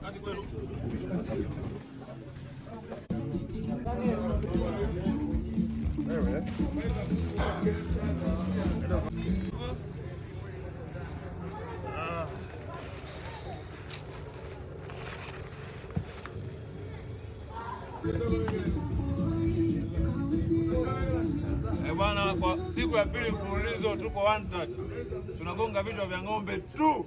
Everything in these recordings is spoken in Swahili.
Eh, bwana, kwa siku ya pili mfululizo tuko one touch, tunagonga vichwa vya ng'ombe tu.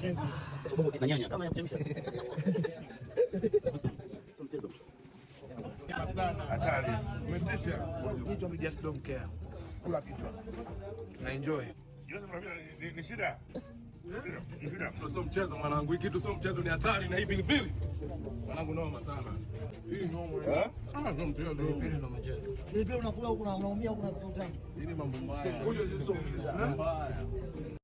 Ni shida. Sio mchezo mwanangu, hiki kitu sio mchezo, ni hatari na hii pilipili. Mwanangu noma sana. Hii mambo Mbaya.